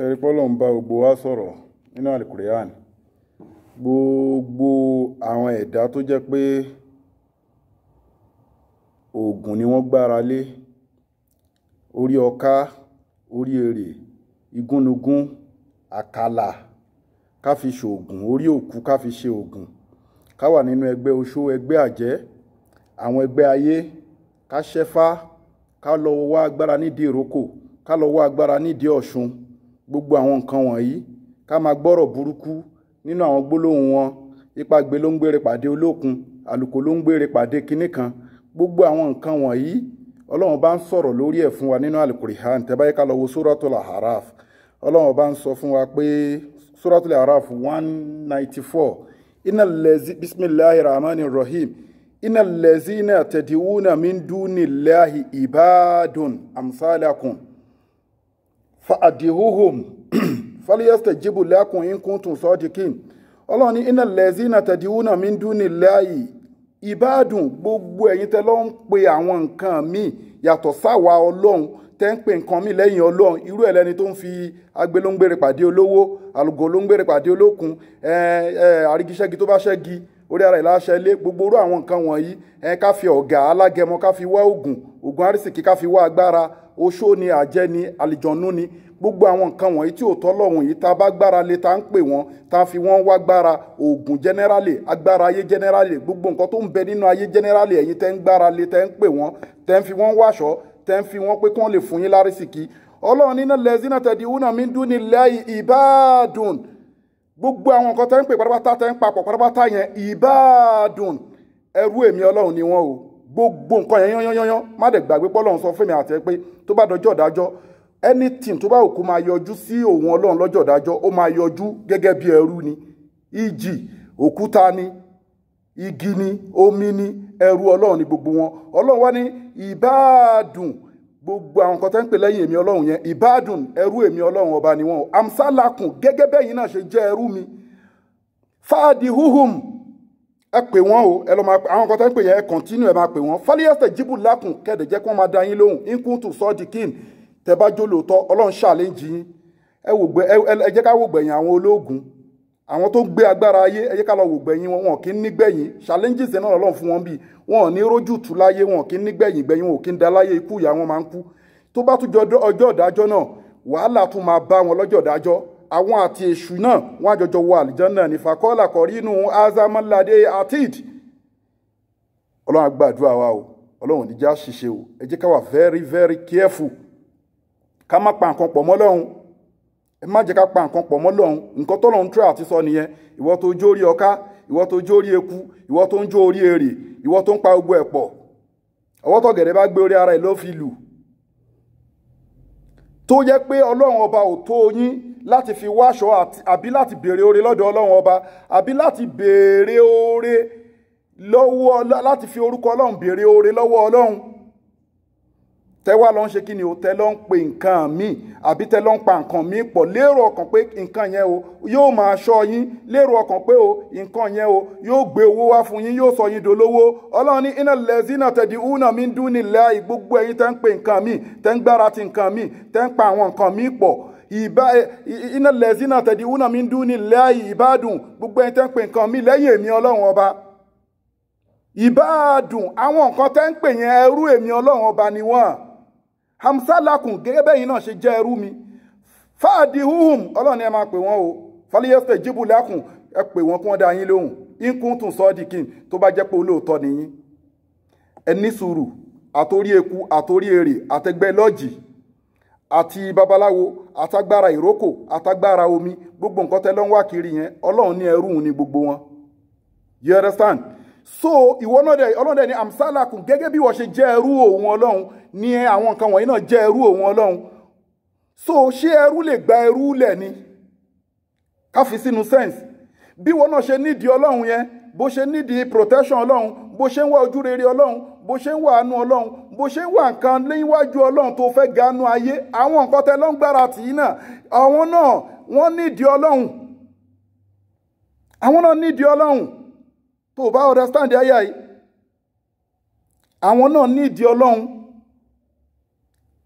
ẹ̀rí pọ́lọ́n bá gbogbo wa sọ̀rọ̀ nínú alukur'an gbogbo àwọn ẹ̀dá tó jẹ́ pé oògùn ni wọ́n gbára lé orí ọká orí èrè igúnnugún àkàlà ká fi ṣoògùn orí òkú ká fi ṣe oògùn ká wà nínú ẹgbẹ́ oṣó ẹgbẹ́ àjẹ́ àwọn ẹgbẹ́ ayé ká ṣẹ́fá ká lọ wá agbára nídìí ìrókò ká lọ wá agbára nídìí ọ̀ṣun gbogbo àwọn nǹkan wọ̀nyí ká máa gbọ́rọ̀ burúkú nínú àwọn gbólóhùn wọn ipa gbé ló ń gbére pàdé olókun àlùkò ló ń gbére pàdé kinní kan gbogbo àwọn nǹkan wọ̀nyí ọlọ́run bá ń sọ̀rọ̀ lórí ẹ̀ fún wa nínú al ha tẹ́ bá ká lọ wo Suratul A'raf ọlọ́run bá ń sọ fún wa pé Suratul A'raf one ninety four innal lazi bismillahir rahmanir rahim innal lazina tad'una min dunillahi ibadun amsalakum. fàdíhùhùm fàlíyàsítẹ̀ jíbù lẹ́kùn ìkùntùn sọ́dìkìn ọlọ́run ní iná lẹ́sìnà tẹ̀díhùnà mi ń dún ní láàyè ìbádùn gbogbo ẹ̀yin tẹ́ lọ́ ń pe àwọn nǹkan míì yàtọ̀ sáwa ọlọ́run tẹ́ ń pè nǹkan míì lẹ́yìn ọlọ́run irú ẹ̀ lẹ́ni tó ń fi agbe ló ń gbére pàdé olówó àlùgò ló ń gbére pàdé olókun àrígiṣẹ́gi tó bá ṣẹ́gi orí ara ìláṣẹ ilé gbogbo orú àwọn nǹkan wọ̀nyí ká fi ọ̀gá alágẹmọ ká fi wá oògùn oògùn arísìkí ká fi wá agbára oṣó ni àjẹ́ ni àlìjọ̀nú ni gbogbo àwọn nǹkan wọ̀nyí tí ò tọ́ lọ́hùn yìí tá a bá gbára lé tá a ń pè wọ́n tá a fi wọ́n wá gbára oògùn jẹ́nẹ́rálì agbára ayé jẹ́nẹ́rálì gbogbo nǹkan tó ń bẹ nínú ayé jẹ́nẹ́rálì ẹ̀yin tẹ́ ń gbára lé tẹ́ ń pè wọ́n tẹ́ ń fi wọ́n wáṣọ tẹ́ ń fi wọ́n pé kí wọ́n lè fún yín lárísìkí ọlọ́run nínú lẹ́sìnà tẹ̀dí una mi dún ní lẹ́yìn ìbáàdùn gbogbo àwọn nǹkan tẹ́ ń pè pátápátá tẹ́ ń papọ̀ pátápátá yẹn ìbáàdùn ẹrú èmi ọlọ́run ni wọ́n o gbogbo nǹkan yẹn yányányán má dẹ̀ gbàgbé pé Ọlọ́run sọ fún mi àti ẹ pé tó bá dọjọ́ ìdájọ́ anything tó bá òkú máa yọjú sí òun Ọlọ́run lọ́jọ́ ìdájọ́ ó máa yọjú gẹ́gẹ́ bí ẹrú ni ìjì òkúta ni igi ni omi ni ẹrú Ọlọ́run ni gbogbo wọn Ọlọ́run wá ní ìbáàdùn gbogbo àwọn kan tẹ́ ń pè lẹ́yìn èmi ọlọ́run yẹn ìbádùn ẹrú èmi ọlọ́run ọba ni wọn o amsalakun gẹ́gẹ́ bẹ́yìn náà ṣe jẹ́ ẹrú mi fáàdì huhum ẹ pè wọ́n o ẹ lọ máa pè àwọn kan tó ń pè yẹn ẹ kọ̀ntínú ẹ máa pè wọ́n fáliyẹ́sẹ̀ jíbù lákùn kẹ́ẹ̀dẹ̀ jẹ́ kí wọ́n máa da yín lóhùn inkuntu sọ́ọ̀dì kín tẹ bá jó lóòótọ́ ọlọ́run ṣàlẹ́ǹjì yín ẹ wò gbẹ ẹ jẹ́ ká wò gbẹ̀yìn àwọn ológun àwọn tó gbé agbára ayé ẹ jẹ́ ká lọ wò gbẹ̀yìn wọn wọn kì í nígbẹ̀yìn challenges náà lọ́lọ́run fún wọn bíi wọn ní rójú tú láyé wọn kì í nígbẹ̀yìn gbẹ̀yìn wọn kì í da láyé ikú ìyá wọn máa ń kú tó bá tún jọ ọjọ́ ìdájọ́ náà wàhálà àwọn àti èṣù náà wọ́n àjọjọ wọ àlìjánà ní fakọ́lá kọ̀rí inú azamọ́ládé atid ọlọ́run á gbàdúrà wa o ọlọ́run ní já ṣiṣẹ́ o ẹ jẹ́ ká wà very very careful ká má pa nǹkan pọ̀ mọ́ lọ́hùn ẹ má jẹ́ ká pa nǹkan pọ̀ mọ́ lọ́hùn nǹkan tọ́lọ́run ń tẹ́ àti sọ nìyẹn ìwọ tó jó orí ọká ìwọ tó jó orí eku ìwọ tó ń jó orí èrè ìwọ tó ń pa gbogbo ẹ̀ pọ̀ ọwọ́ tọ̀gẹ̀dẹ̀ bá gbé orí ara ẹ̀ ló fi lù tó jẹ́ pé ọlọ́run ọba ò tó yín láti fi wáṣọ àbí láti béèrè oore lọ́dọ̀ ọlọ́run ọba àbí láti béèrè oore lọ́wọ́ láti fi orúkọ ọlọ́run béèrè oore lọ́wọ́ ọlọ́run tẹ́wá ló ń ṣe kí ni o tẹ́ ló ń pe nǹkan míì àbí tẹ́ ló ń pa nǹkan míì pọ̀ lérò ọkàn pé nǹkan yẹn o yóò máa ṣọ́ yín lérò ọkàn pé o nǹkan yẹn o yóò gbé owó wá fún yín yóò sọ yín dolówó ọlọ́run ní iná lẹ́sìn náà tẹ̀dí una mi ń dún nílẹ̀ gbogbo ẹ̀yin tẹ́ ń pe nǹkan míì tẹ́ ń gbára ti nǹkan míì tẹ́ ń pa àwọn nǹkan míì pọ̀ iná lẹ́sìn náà tẹ̀dí wúnà mi ń dún ní láàyè ìbádùn gbogbo ẹni tẹ́ ń pè nǹkan mi lẹ́yìn èmi ọlọ́run ọba ìbádùn àwọn nǹkan tẹ́ ń pè yẹn ẹrú èmi ọlọ́run ọba ni wọ́n hamsalakun gẹ́gẹ́ bẹ́yìn náà ṣe jẹ́ ẹrú mi fáàdì húhùm ọlọ́run ẹ máa pè wọ́n o fọlíyẹ́sẹ̀ jíbùlákùn ẹ pè wọ́n kí wọ́n dá yín lóhùn inkuntun sọ́ọ́dìkìn tó bá jẹ́ pé olóòótọ́ ni yín ẹ ní sùúrù àtórí eku àtórí èrè àtẹgbẹ́ lọ́ọ̀jì àti babaláwo àtagbára ìrókò àtagbára omi gbogbo nǹkan tẹ́lẹ̀ ń wá kiri yẹn ọlọ́run ní ẹrú ni gbogbo wọn you understand so ìwọ náà dẹ ọlọ́run dẹ ní amsalakun gẹ́gẹ́ bí wọ́n ṣe jẹ́ ẹrú òun ọlọ́run ní àwọn nǹkan wọ̀nyí náà jẹ́ ẹrú òun ọlọ́run so ṣé ẹrú lè gba ẹrú lẹ̀ ni káfi sínú sense bí wọ́n náà ṣe nídìí ọlọ́run yẹn bó ṣe nídìí protection ọlọ́run bó ṣe ń wá ojú rere ọlọ́run bó ṣe ń wà àánú ọlọ́run bó ṣe ń wà nǹkan léwájú ọlọ́run tó fẹ́ ganú ayé àwọn nǹkan tẹ ló ń gbára tì í náà àwọn náà wọ́n nídìí ọlọ́run àwọn náà nídìí ọlọ́run tó bá understand ayé yìí àwọn náà nídìí ọlọ́run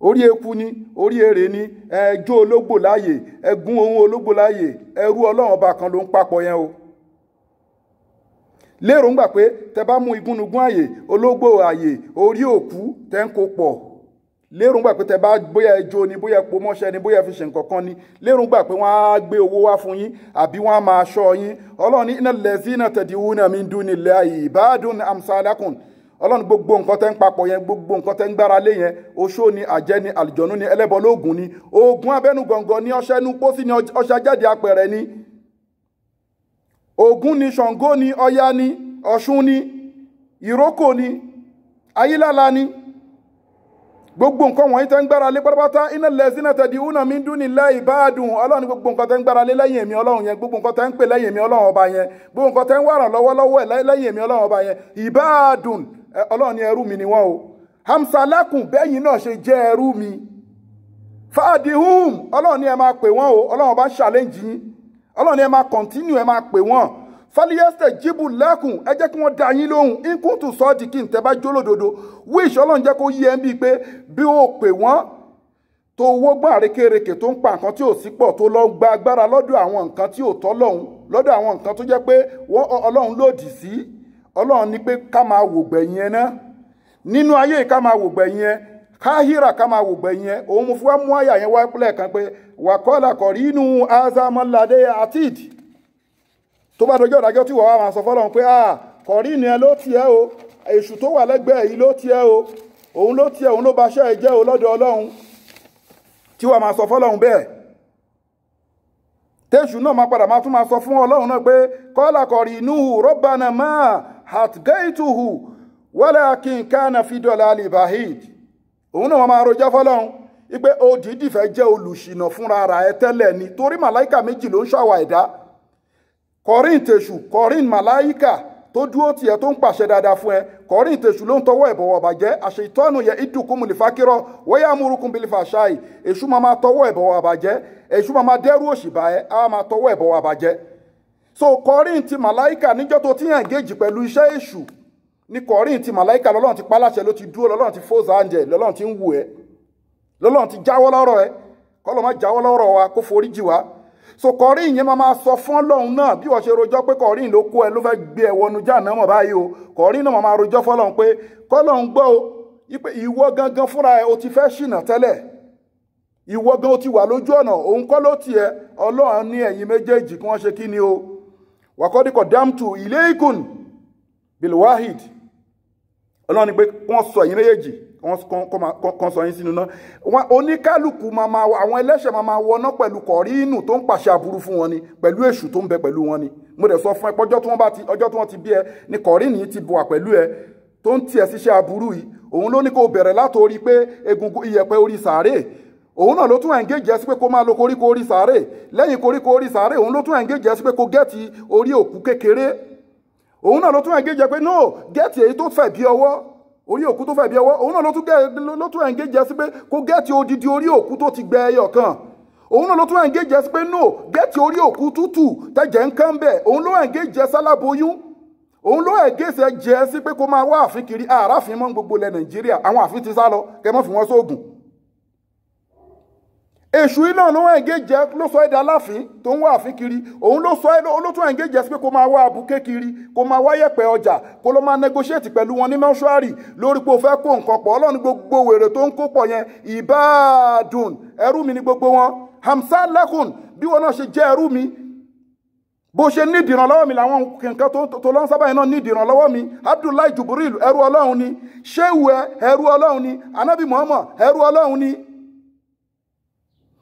orí eku ni orí èrè ni ẹjọ́ ológbò láàyè ẹgún ohun ológbò láàyè ẹrú ọlọ́run ọba kan ló ń papọ̀ yẹn o lérògbà pé tẹ bá mú igúnnugún àyè ológbò àyè orí òkú tẹ ń kó pọ̀ lérògbà pé tẹ bá bóyá ẹjọ́ ni bóyá epo mọ́ṣẹ́ ni bóyá fi ṣe nǹkan kan ni lérògbà pé wọ́n á gbé owó wá fún yín àbí wọ́n á máa ṣọ́ yín ọlọ́run ní iná lẹ́sìn náà tẹ̀dí wú náà mi ń dún nílẹ̀ àyè ìbádùn amsalakun gbogbo nǹkan tẹ́ ń papọ̀ yẹn gbogbo nǹkan tẹ́ ń gbára lé yẹn oṣó ni àjẹ́ ni àlùjọ̀nú ni ẹlẹ́bọ lóògùn ni oògùn abẹ́nugọ̀ngọ̀ ni ọṣẹ́ pósí ni ọṣẹ́ jáde apẹ̀rẹ̀ ni ogun ni ṣàngó ni ọya ni ọ̀ṣun ni ìrókò ni ayílála ni gbogbo nǹkan wọ̀nyí tẹ́ ń gbára lé pátápátá iná lẹ́sìn náà tẹ̀dí una min dunillahi baadun ọlọ́run gbogbo nǹkan tẹ́ ń gbára lé lẹ́yìn èmi gbogbo nǹkan tẹ́ ń pè lẹ́yìn èmi ọlọ́run ọba yẹn gbogbo nǹkan tẹ́ ń wà ràn lọ́wọ́lọ́wọ́ ẹ̀ lẹ́yìn èmi ọlọ́run ọba yẹn ìbáàdùn ọlọ́run ni ẹrú mi ni wọ́n o hamsalakun bẹ́yìn náà ṣe jẹ́ ẹrú mi ọlọ́run ni ẹ máa kọ̀ntínú ẹ máa pè wọ́n fàlíyẹ́sẹ̀ jíbù lẹ́kùn ẹ jẹ́ kí wọ́n da yín lóhùn nkúntù sọ́ọ̀dì kí n tẹ́ bá jólódodo wíṣ ọlọ́run jẹ́ kó yé ẹ bíi pé bí ó pè wọ́n tó owó gbọ́n àrékèrèkè tó ń pa nǹkan tí ò sí pọ̀ tó lọ gba agbára lọ́dọ̀ àwọn nǹkan tí ò tọ́ lọ́hùn lọ́dọ̀ àwọn nǹkan tó jẹ́ pé ọlọ́run lòdì sí ọlọ́run ní pé ká máa wògbẹ̀yìn ẹ náà nínú ayé ká máa wògbẹ̀yìn ẹ káhírà ká máa wò gbẹ̀yìn ẹ òun mo fi wá mú àyà yẹn wá lẹ́ẹ̀kan pé wàkọ́lá kọ̀rí inú azamalade atid tó bá dojú ọ̀dájọ́ tí wọ́n wá máa sọ fọ́lọ́run pé ah kọ̀rí ni ẹ ló tiẹ̀ o èṣù tó wà lẹ́gbẹ̀ẹ́ yìí ló tiẹ̀ o òun ló tiẹ̀ òun ló ba aṣẹ́ ẹ o lọ́dọ̀ ọlọ́run tí wọ́n máa sọ fọ́lọ́run bẹ́ẹ̀ tẹ́ṣù náà máa padà máa tún máa sọ fún ọlọ́run náà pé kọ́lá kọ̀rí inú rọ́bànà máa hatgaituhu walakin kana alibahid òun náà wọ́n máa rojọ́ fọ́lọ́run wípé òdìdí fẹ́ jẹ́ olùṣìnà fúnra ara ẹ tẹ́lẹ̀ ni torí màláìkà méjì ló ń ṣàwà ẹ̀dá kọrin tèṣù kọrin màláìkà tó dúró tiẹ̀ tó ń pàṣẹ dáadáa fún ẹ kọrin tèṣù ló ń tọwọ́ ẹ̀bọ̀wọ̀ bàjẹ́ àṣẹ ìtọ́nù yẹ ìdùnkùn lìfàkírọ̀ wọ́yà amúrukùn bìlìfàṣáì èṣù máa máa tọwọ́ ẹ̀bọ̀wọ̀ bàjẹ́ èṣù máa máa dẹ́rù òṣìbà ẹ á máa tọwọ́ ẹ̀bọ̀wọ̀ bàjẹ́ so kọrin ti màláìkà níjọ́ tó ti engage pẹ̀lú iṣẹ́ èṣù ní kọ̀ọ̀rìn ti màláìka lọ́lọ́run ti paláṣẹ ló ti dúró lọ́lọ́run ti fóòsà àǹjẹ̀ lọ́lọ́run ti ń wù ẹ́ lọ́lọ́run ti jáwọ́ lọ́rọ̀ ẹ kọ́lọ́ má jáwọ́ wa kó forí jì wá so kọ̀ọ̀rìn yẹn máa máa sọ fún ọlọ́run náà bí wọ́n ṣe rojọ́ pé kọ̀ọ̀rìn ló kó ẹ ló fẹ́ gbé ẹ wọnú jáàná mọ̀ báyìí o kọ̀ọ̀rìn náà máa máa rojọ́ fọlọ́run pé kọ́lọ́run gbọ́ o ipe ìwọ gangan fúnra ẹ o ti fẹ́ ṣìnà tẹ́lẹ̀ ìwọ gan o ti wà lójú ọ̀nà òun kọ́ ló tiẹ̀ ọlọ́run ní ẹ̀yin méjèèjì kí wọ́n ṣe kí ni o wàkọ́díkọ̀ dámtù ilé ikùn bilwahid ọlọ́run ni pé wọ́n sọ ẹ̀yin méjèèjì kan sọ yín sínú náà oníkálukú màmá àwọn ẹlẹ́ṣẹ̀ màmá wọná pẹ̀lú kọ̀rínù tó ń pàṣẹ aburú fún wọn ni pẹ̀lú èṣù tó ń bẹ pẹ̀lú wọn ni mo dẹ̀ sọ fún ẹ pé ọjọ́ tí wọ́n ti ọjọ́ tí wọ́n ti bí ẹ ni kọ̀rínù yìí ti bọ̀ wà pẹ̀lú ẹ tó ń tiẹ̀ síṣẹ́ aburú yìí òun ló ní kó bẹ̀rẹ̀ látòrí pé egungun iyẹ̀pẹ̀ orí sàárè òun náà ló tún ẹ̀ǹgéjì ẹ sí pé kó máa lo koríko orí sàárè lẹ́yìn koríko orí sàárè òun ló tún ẹ̀ǹgéjì ẹ sí pé kó gẹ́ẹ̀tì orí òkú kékeré òun náà ló tún engage pé no gẹ́ẹ̀tì èyí tó fẹ̀ bí ọwọ́ orí òkú tó fẹ̀ bí ọwọ́ òun náà ló tún engage sí pé kó gẹ́ẹ̀tì odidi orí òkú tó ti gbẹ ẹyọ kan òun náà ló tún engage sí pé no gẹ́ẹ̀tì orí òkú tútù tẹ̀jẹ̀ ń kán bẹ̀ òun ló engage sáláboyún òun ló engage jẹ́ sí pé kó máa wá àfin kiri àràfin mọ́ gbogbo ilẹ̀ Nàìjíríà àwọn àfin ti sá lọ kẹ́ mọ́ fi wọ́n sóògùn èṣù iná ló wọ́n engage ló sọ ẹ̀dá láàfin tó ń wá àfin kiri òun ló sọ olótún engage sí pé kó máa wá abuké kiri kó máa wá yẹ̀pẹ̀ ọjà kó ló máa negotiate pẹ̀lú wọn ní mọ́ṣúárì lórí pé o fẹ́ kó nǹkan pọ̀ ọlọ́run gbogbo wèrè tó ń kó pọ̀ yẹn ìbáàdùn ẹrú mi ni gbogbo wọn hamsa lakun bí wọn náà ṣe jẹ́ ẹrú mi bó ṣe ní ìdìrànlọ́wọ́ mi làwọn nǹkan tó lọ́n sábà yẹn náà ní ìdìrànlọ́wọ́ mi abdullahi jubril ẹrú ọlọ́run ni shehu ẹrú ọlọ́run ni anabi muhammad ẹrú ọlọ́run ni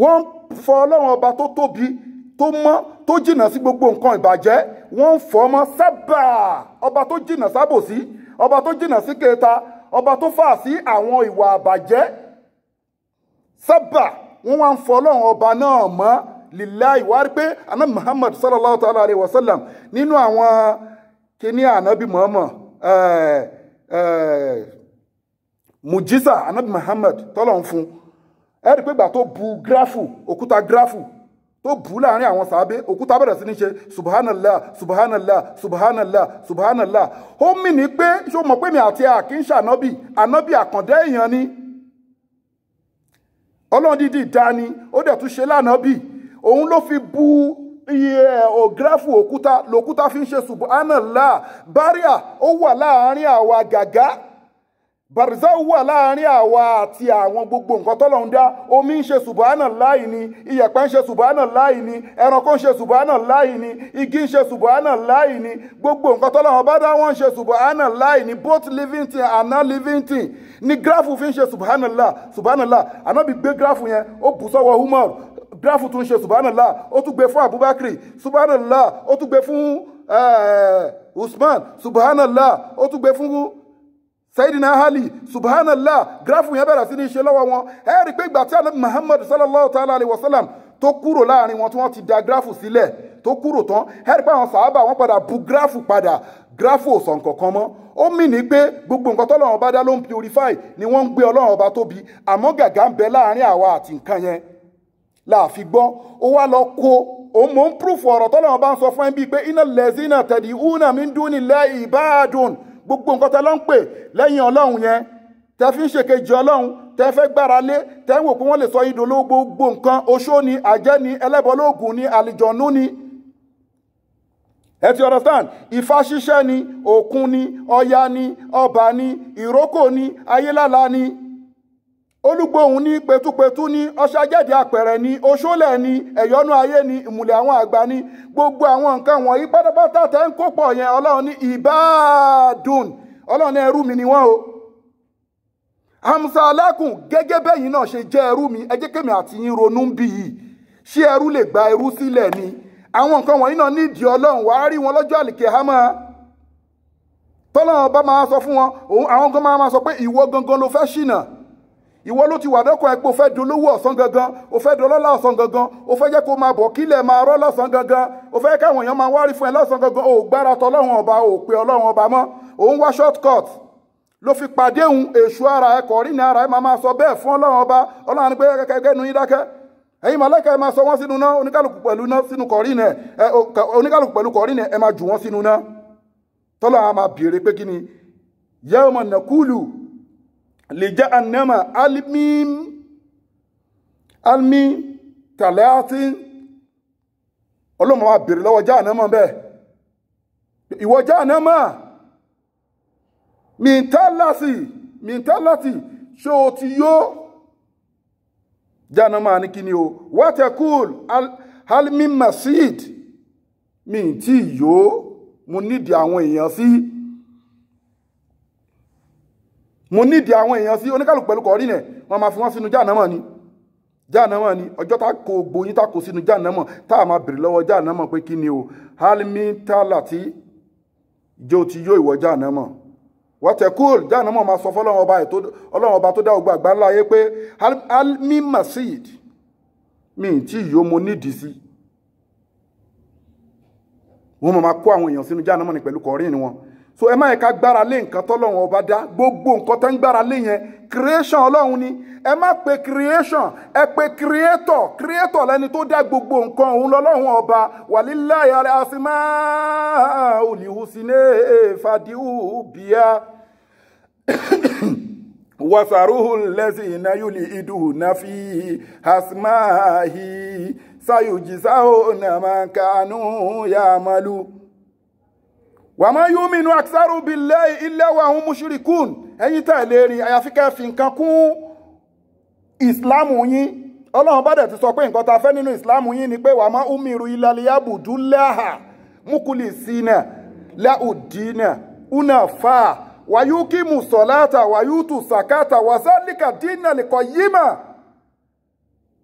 wọ́n ń fọ ọlọ́run ọba tó tóbi tó mọ́ tó jìnnà sí gbogbo nǹkan ìbàjẹ́ wọ́n ń fọ ọmọ sábà ọba tó jìnnà sábòsí ọba tó jìnnà sí kẹta ọba tó fà sí àwọn ìwà àbàjẹ́ sábà wọ́n wá ń fọ ọlọ́run ọba náà mọ́ lilayi wá rí pé àná Muhammad sallallahu alayhi wa sallam nínú àwọn kíní ànábì Muhammad eh, eh, mujisa ànábì Muhammad tọ́lọ̀ ń fún un ẹ rí pé gbà tó bu gíráfù òkúta gíráfù tó bù láàrin àwọn sàábé òkúta bẹ̀rẹ̀ sí ní ṣe subhanallah subhanallah subhanallah subhanallah ó mì ní pé ṣó mọ̀ pé mi àti àkínṣe ànábì ànábì àkàndá èèyàn ni ọlọ́run dídì dání ó dẹ̀ tún ṣe lánàbì òun ló fi bu iye ògráfù òkúta lòkúta fi ń ṣe subhanallah báríà ó wà láàrin àwa gàgá barzau wà láàrin àwa àti àwọn gbogbo nǹkan tọ́lọ́run dá omi ń ṣe subahana láì ni iyẹ̀pẹ̀ ń ṣe subahana láì ni ẹranko ń ṣe subahana láì ni igi ń ṣe subahana láì ni gbogbo nǹkan tọ́lọ́run bá dá wọ́n ń ṣe subahana láì ni both living thing and non-living thing ni gíráfù fi ń ṣe subahana láà subahana láà ànábì gbé gíráfù yẹn ó bù sọ́wọ́ humor gíráfù tún ṣe subhanallah ó tún gbé fún subhanallah ó tún gbé fún eh, usman subhanallah ó tún sayidina ali subhanallah gíráfù yẹn bẹ̀rẹ̀ sí ní ṣe lọ́wọ́ wọn ẹ rí i pé ìgbà tí anabi muhammad sallallahu ta'ala alayhi wa sallam tó kúrò láàrin wọn tí wọ́n ti da gíráfù sílẹ̀ tó kúrò tán ẹ rí i pé àwọn sàábà wọn padà bu gíráfù padà gíráfù ò sàn kankan mọ́ ó mì ní pé gbogbo nǹkan tọ́lọ́run ọba dá ló ń purify ni wọ́n ń gbé ọlọ́run ọba tóbi àmọ́ gàgà ń bẹ láàrin àwa àti nǹkan yẹn la gbọ́ ó wá lọ kó òun mò ń prúfù ọ̀rọ̀ tọ́lọ́run ọba ń sọ fún ẹ bíi pé iná lẹ́sìn náà tẹ̀dí una min duni la ibadun gbogbo nǹkan tẹ lọ ń pè lẹ́yìn ọlọ́run yẹn tẹ fi ń ṣèkejì ọlọ́run tẹ fẹ́ gbára lé tẹ ń wò pé wọ́n lè sọ yín dolówó gbogbo nǹkan oṣó ni àjẹ́ ni ẹlẹ́bọlóògùn ni àlìjọ̀nú ni ẹ ti understand ifá ṣíṣẹ́ ni òkun ni ọya ni ọba ni ìrókò ni ayélálá ni. olùgbòhùn ní pẹtupẹtu ní ọṣàjáde àpẹrẹ ní oṣólẹ ní ẹyọnú ayé ní ìmùlẹ̀ àwọn àgbà ní gbogbo àwọn nǹkan wọ̀nyí pátápátá tẹ́ ń kó pọ̀ yẹn ọlọ́run ní ìbádùn ọlọ́run ẹrú mi ni wọ́n o hamsa alákùn gẹ́gẹ́ bẹ́yìn náà ṣe jẹ́ ẹrú mi ẹ jẹ́ kémi àti yín ronú bí yìí ṣé ẹrú lè gba ẹrú sílẹ̀ ni àwọn nǹkan wọ̀nyí náà nídìí ọlọrun wàá rí wọn lọ́jọ́ àlìkè hámà tọ́lọ́run ọba máa sọ fún wọn àwọn gan máa sọ pé ìwọ gangan ló fẹ́ ṣìnà ìwọ ló ti wà dọ́kọ̀ ẹgbẹ́ o fẹ́ dolówó ọ̀sán gangan o fẹ́ dọlọ́lá ọ̀sán gangan o fẹ́ jẹ́ kó máa bọ̀ kílẹ̀ máa rọ́ lọ́sàn gangan o fẹ́ káwọn èèyàn máa wárí fún ẹ lọ́sàn gangan o gbára tọ ọlọ́run ọba o pe ọlọ́run ọba mọ́ o ń wá short cut ló fi pàdé òun èṣù ara ẹ kọ̀ rí ní ara ẹ máa máa sọ bẹ́ẹ̀ fún ọlọ́run ọba ọlọ́run pé kẹ́kẹ́ nu yín dákẹ́ ẹ̀yin màláìka ẹ máa sọ wọ́n sínú náà oníkàlùkù pẹ̀lú náà sínú kọ̀rí nẹ ẹ oníkàlùkù pẹ̀lú kọ̀rí nẹ ẹ máa jù wọ́n sínú náà tọ́lọ́ àwọn máa béèrè pé kí ni yẹ́wọ́n nàkúlù lìjà anama alimi alimi tàlẹ́àtì ọlọ́mọ wa bèrè lọ́wọ́ já anama bẹ́ẹ̀ ìwọ já anama mìtálàsì mìtálàtì ṣé o ti yó já anama ní kíni o wátẹ̀kùl alimi masid mi ti yó mo nídìí àwọn èèyàn sí. Si mo n'idi àwọn èèyàn sí oníkàlùkù pẹ̀lú kọ̀ọ̀rí nẹ̀ wọ́n máa fi wọ́n sínú jáànámọ̀ ni jáànámọ̀ ni ọjọ́ tá kó gboyin tá kó sínú jáànámọ̀ tá a máa bèrè lọ́wọ́ jáànámọ̀ pé kí ni o halimítàlà ti jó ti yó ìwọ jáànámọ̀ wọ́tẹ̀kúl jáànámọ̀ máa sọ fọ́lọ́wọ́n ọba ètò ọlọ́wọ́n ọba tó dá ogbó àgbà ńlá yé pé mi tí yó mo n'idi sí wọ́n máa kó àwọn èèyàn sínú ni pẹ̀lú kọ̀ọ̀rí ni so ẹ má yẹ ká gbára lé nǹkan tọ́lọ́run ọba dá gbogbo nǹkan tẹ́ ń gbára lé yẹn creation ọlọ́run ni ẹ má pe creation ẹ pe creator creator lẹni tó dá gbogbo nǹkan òun lọ́lọ́run ọba wàlíláyà àfimá olùhùsínẹ́ fàdíhù bíyà wasaruhu lẹ́sìn iná yúlì idùn náà fi hasmahi sayujisao nàmàkánú yàmàlú wàmọ́ yóò mìnú àtisáró bíi lẹ́ ilé wa àwọn mushrikun ẹ̀yin tẹ̀lé rí àyàfi kẹ́ fi nǹkan kún ìsìláàmù yín ọlọ́run bá dẹ̀ ti sọ pé nǹkan ta fẹ́ nínú ìsìláàmù yín ni pé wàmọ́ umiru ilaliyabu dúláhà mukuli sinà laudina unafa wayukimu sọláta wayutu sakata wasalika dina likọ yima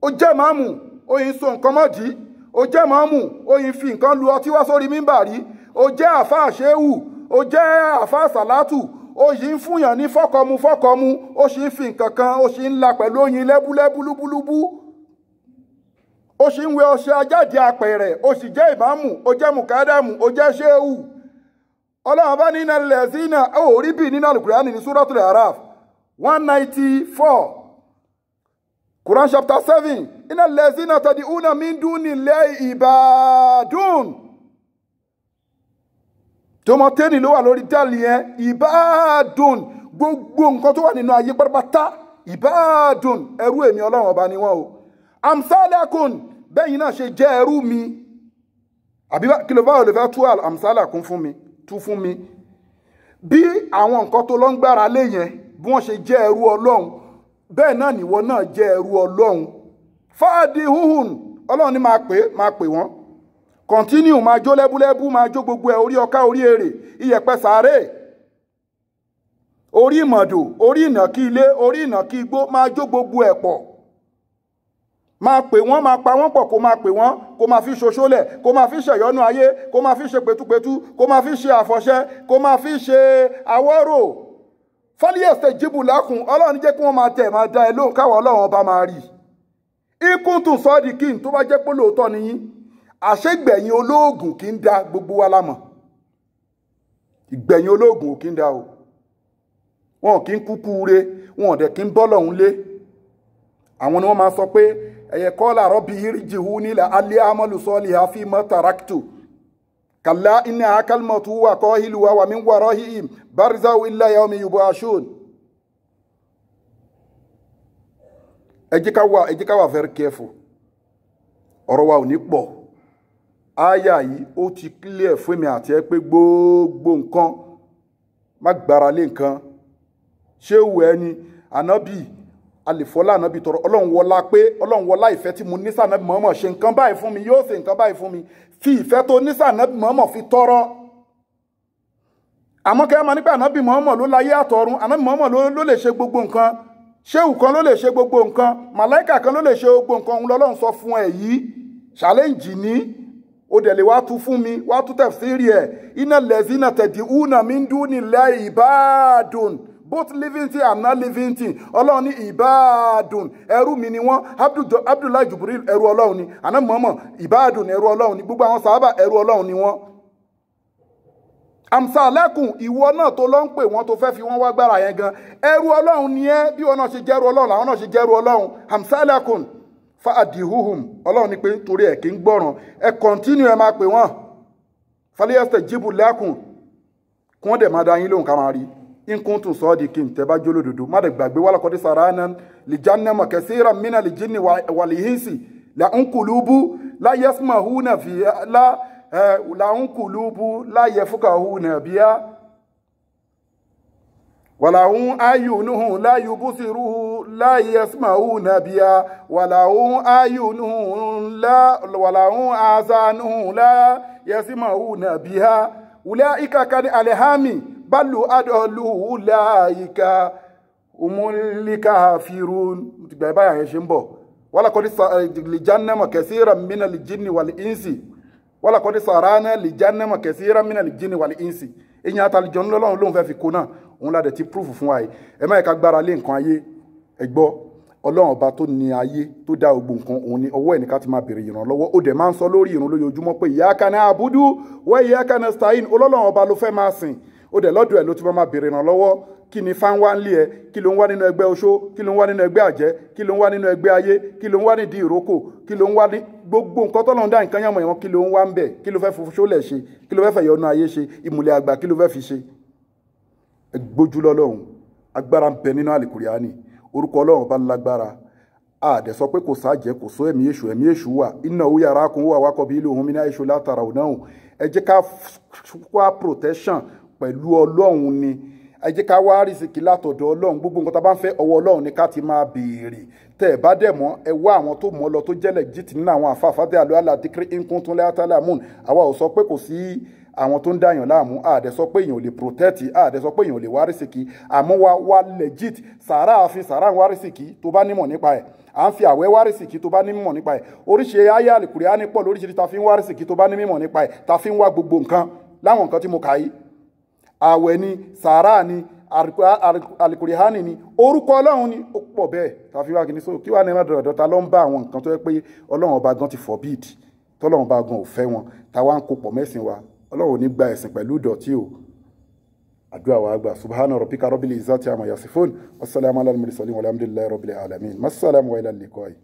ó jẹ́ màmù ó yín so nǹkan mọ́ dì ó jẹ́ màmù ó yín fi nǹkan lu ọtí wá sórí mímbà rí o jẹ́ àfa àṣẹ́wù o jẹ́ àfa sàlátù ó yìí ń fúnyàn ní fọ́kọmu ó sì ń fi nǹkan kan ó sì la pẹ̀lú oyin lẹ́búlẹ́búlúbúlúbú ó sì ń wẹ ọṣẹ ajáde apẹ̀rẹ̀ ó sì jẹ́ ìmáàmù ó jẹ́ mùkádàmù ó jẹ́ ṣéwù ọlọ́run bá ní innal lazina ó rí bì nínú alukurani ní suratul araf one ninety four Quran chapter seven tòmọtẹ́nì ló wà lórí táàlì yẹn ìbáàdùn gbogbo nǹkan tó wà nínú ayé pátápátá ìbáàdùn ẹrú èmi ọlọ́run ọba ni wọ́n o amsalakun bẹ́yìn náà ṣe jẹ́ ẹrú mi àbí kí ló bá ò lè fẹ́ tú amsalakun fún mi tú fún mi bí àwọn nǹkan tó lọ ń gbára lé yẹn bí wọ́n ṣe jẹ́ ẹrú ọlọ́run bẹ́ẹ̀ náà nìwọ náà jẹ́ ẹrú ọlọ́run fáàdì huhun ọlọ́run ni máa pè máa pè wọ́n continue máa jó lẹ́búlẹ́bú máa jó gbogbo ẹ̀ orí ọká orí èrè iyẹ̀pẹ̀ sàárè orí ìmọ̀dò orí ìnàkí ilé orí ìnàkí igbó máa jó gbogbo ẹ̀ pọ̀ máa pè wọ́n máa pa wọ́n pọ̀ kó máa pè wọ́n kó máa fi ṣoṣólẹ̀ kó máa fi ṣẹ̀yọ́nú ayé kó máa fi ṣe pẹ̀túpẹ̀tú kó máa fi ṣe àfọ̀ṣẹ kó máa fi ṣe àwọ̀rò fọ́líẹ̀sẹ̀ jíbù lákùn ọlọ́run jẹ́ kí wọ́n máa tẹ̀ máa da ẹ lóhùn káwọn ọlọ́run ọba máa rí ikú tún sọ́ọ́dì kí n tó bá jẹ́ pé lóòótọ́ nìyí àṣegbẹ̀yìn olóògùn kì í da gbogbo wa lámọ̀ ìgbẹ̀yìn olóògùn ò kì í da o wọn kì í kúkú re wọn dẹ̀ kì í bọ́ lọ́hún lé àwọn ni wọ́n máa sọ pé ẹ̀yẹ kọ́lá rọ́bì irjihu nílẹ̀ alẹ́ amọ́lùsọ́ọ̀lì àfimọ́ tàràkìtù kàlá iná akálmọ̀tù wà kọ́ ìlú wa wàmí wọ̀rọ̀ hìm barizawu ilẹ̀ yawmi yubu ashun. ẹ jẹ́ ká wà ẹ jẹ́ ká wà very careful ọ̀rọ̀ wa ò ní pọ̀ aya yìí ó ti clear fún mi àti ẹ pé gbogbo nǹkan má gbára lé nǹkan ṣé wù ẹ ni ànábì àlèfọ́lá ànábì tọrọ ọlọ́run wọlá pé ọlọ́run wọlá ìfẹ́ tí mo ní sànábì mọ́mọ́ ṣe nǹkan báyìí fún mi yóò ṣe nǹkan báyìí fún mi fi ìfẹ́ tó ní sànábì mọ́mọ́ fi tọrọ àmọ́ kẹ́ ẹ máa ní pé ànábì mọ́mọ́ ló láyé àtọ̀run ànábì mọ́mọ́ ló lè ṣe gbogbo nǹkan ṣéwù kan ló lè ṣe gbogbo nǹkan màláìkà kan ló lè ṣe gbogbo nǹkan òun lọ́lọ́run sọ fún ẹ yìí ṣàlẹ́ǹjì ní o dẹ̀ lè wá tu fún mi wá tu tafsiri ẹ̀ iná lẹ́sìnà tẹ̀dí una mi ń dún nílẹ̀ ìbáàdùn both living thing and not living thing ọlọ́run ní ìbáàdùn ẹrú mi ni wọ́n abdullahi jubril ẹrú ọlọ́run ni àná mọ̀ọ́mọ̀ ìbáàdùn ẹrú ọlọ́run ni gbogbo àwọn sàábà ẹrú ọlọ́run ni wọ́n. àmsà alákùn ìwọ náà tó lọ ń pè wọ́n tó fẹ́ fi wọ́n wá gbára yẹn gan ẹrú ọlọ́run ni ẹ bí wọn náà ṣe jẹ́rú ọlọ́run làwọn náà ṣe jẹ́rú ọlọ́run àmsà alákùn fàdíhùhùm ọlọ́run ní pé torí ẹ̀ kì í gbọ́ràn ẹ kọ́ntínú ẹ máa pè wọ́n fàlẹ́yẹsẹ̀ jíbù lẹ́kùn kí wọ́n dẹ̀ máa da yín lóhùn ká máa rí inkuntun sọ di kí n tẹ́ bá jóló dodo má dẹ̀ gbàgbé wàlá kọ́dí sara nan lìjánná mọ̀ kẹsíra mina lìjínni wàlìhínsì là ń kùlùbù láyẹsùmọ̀ hùnà fìyà lá eh, là ń kùlùbù láyẹfùkà hùnà bíyà wàlàhún ayùnúhùn láyù búsirú láyì ẹsùmáhùn nàbíà wàlàhún ayùnúhùn lá wàlàhún azánúhùn lá yẹsùmáhùn nàbíà wùlẹ́ ìkàkàdé alẹ́hámì bálù adọ́lù wùláyìíká umulika firun gbẹ̀ báyà yẹn ṣe ń bọ̀ wàlàkọ́dé lìjánnámọ̀ kẹsíra mìnà lìjínì wàlì ínsì wàlàkọ́dé sàránà lìjánnámọ̀ kẹsíra mìnà lìjínì wàlì ínsì ìyẹn àtàlìjọ́ ńlọ́lọ́run ló ń fẹ́ fi kó náà òun ládẹ̀ ti proof fún wa yìí ẹ má yẹ ká gbára lé nǹkan ayé ẹ gbọ́ ọlọ́run ọba tó ní ayé tó dá gbogbo nǹkan òun ni ọwọ́ ẹ̀ ní ká ti máa béèrè ìrànlọ́wọ́ ó dẹ̀ máa ń sọ lórí ìrun lójoojúmọ́ pé iyyaka na'budu wa iyyaka nasta'in ọlọ́run ọba ló fẹ́ máa sìn ó dẹ̀ lọ́dọ̀ ẹ̀ ló ti máa béèrè ìrànlọ́wọ́ kí ni fa ń wá nílé ẹ kí ló ń wá nínú ẹgbẹ́ oṣó kí ló ń wá nínú ẹgbẹ́ àjẹ́ kí ló ń wá nínú ẹgbẹ́ ayé kí ló ń wá nídìí ìrókò kí ló ń wá ní gbogbo nǹkan tó lọ́n dá nǹkan yànmọ̀ yàn kí ló ń wá ń bẹ̀ kí ló fẹ́ fi ṣó lẹ̀ ṣe kí ló fẹ́ fẹ̀yọ́nú ayé ṣe ìmùlẹ̀ àgbà kí ló fẹ́ fi ṣe gbójú lọ́lọ́run agbára ń bẹ nínú àlìkùrìánì orúkọ ọlọ́run bá lágbára àdẹ sọ pé kò sáàjẹ kò só ẹ̀mí èṣù ẹ̀mí èṣù wà iná òun yàrá kun wà wákọ̀ bí ilé òun mi ní àìṣó látara òun náà ẹ jẹ́ ká wá protection pẹ̀lú ọlọ́run ni ẹ jẹ́ ká wá rìsìkì látọ̀dọ̀ ọlọ́run gbogbo nǹkan tá a bá ń fẹ́ ọwọ́ ọlọ́run ni ká ti máa béèrè tẹ́ bá dẹ̀ mọ́ ẹ wá àwọn tó mọ́ lọ tó jẹ́lẹ̀ jìtì nínú àwọn àfáàfáà tẹ́ àlọ́ àlàdíkírí nkúntúnlẹ́ àtàlámùn àwa ò sọ pé kò sí àwọn tó ń dàyàn láàmú àdẹ sọ pé èèyàn ò lè protect àdẹ sọ pé èèyàn ò lè wárísìkì àmọ́ wa wa legit sàrà àfi sàrà wárísìkì tó bá nímọ̀ nípa ẹ̀ à ń fi àwẹ̀ wárísìkì tó bá ní mímọ̀ nípa ẹ̀ oríṣi ayé àlùkùrẹ́ á ní pọ̀ lóríṣiríṣi ta fi ń wárísìkì tó bá ní nípa ẹ̀ ta fi ń wá gbogbo nǹkan láwọn nǹkan tí mo kà yìí àwẹ̀ ni sàárà ni alikurihani ni orúkọ ọlọ́run ni ó pọ̀ bẹ́ẹ̀ tàfi wá kìíní sóò kí wàá nẹ́ẹ̀mọ́ dọ̀dọ̀ ta ló ń bá àwọn nǹkan tó yẹ pé ọlọ́run ọba gan ti forbid tọ́lọ́run ọba gan ò fẹ́ wọn táwa ń kopọ̀ mẹ́sìn wa ọlọ́run ní gba ẹ̀sìn pẹ̀lú ìdọ̀tí o àdúrà wa gbà subhana rabbika rabbil izzati amma yasifun wasalaamu ala al mursalin walhamdulillahi rabbil alamin masalaamu wa ila liqa'i.